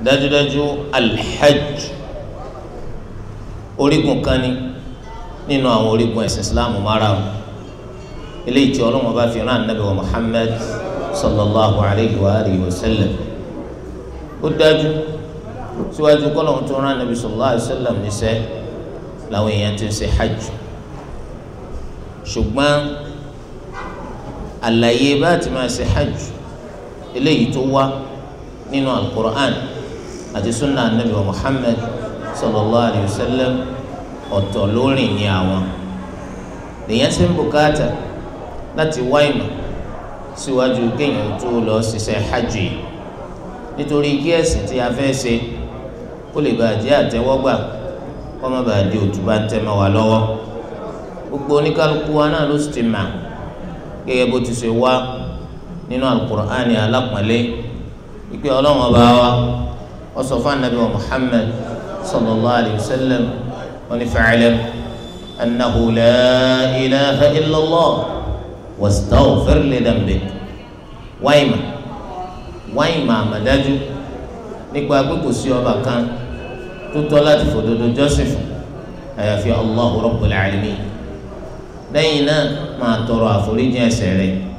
dájúdájú alhajj orígun kan ni nínú àwọn orígun ẹ̀sìn islam márùn eléyìí tí ọlọ́run bá fi rán anabi wa muhammad sallallahu alayhi wa alihi wa sallam ó dájú síwájú kọ́lọ́run tó rán anabi sallallahu alayhi wa sallam níṣẹ́ làwọn èèyàn ti ń ṣe hajj ṣùgbọ́n àlàyé bá ti máa ṣe hajj eléyìí tó wá nínú alukur'an àti sunna anabi wa muhammed sallallahu alayhi wa sallam ọ̀tọ̀ lórí ni àwọn lèyìn ṣe ń bùkátà láti wá ìmọ̀ síwájú kéèyàn tó lọ ṣiṣẹ́ hajj yìí nítorí kí ẹ̀sìn tí a fẹ́ ṣe kó lè bàa jẹ́ àtẹ́wọ́gbà kó má bàa di òtúbà ń tẹ́mọ́ wa lọ́wọ́ gbogbo oníkálukú wa náà ló sì ti mà gẹ́gẹ́ bó ti ṣe wá nínú alukur'ani alápọ̀nlé ìpè ọlọ́run ọba wa. وصفان النبي محمد صلى الله عليه وسلم ونفعلم أنه لا إله إلا الله واستغفر لذنبك wáyìmà wáyìmà àmàdájú nípa pé kò sí ọba kan tó tọ́ láti fòdodo joseph àyàfi Allahu Rabbul Alamin lẹ́yìn náà máa tọrọ àforíjì ẹ̀ṣẹ̀ rẹ̀.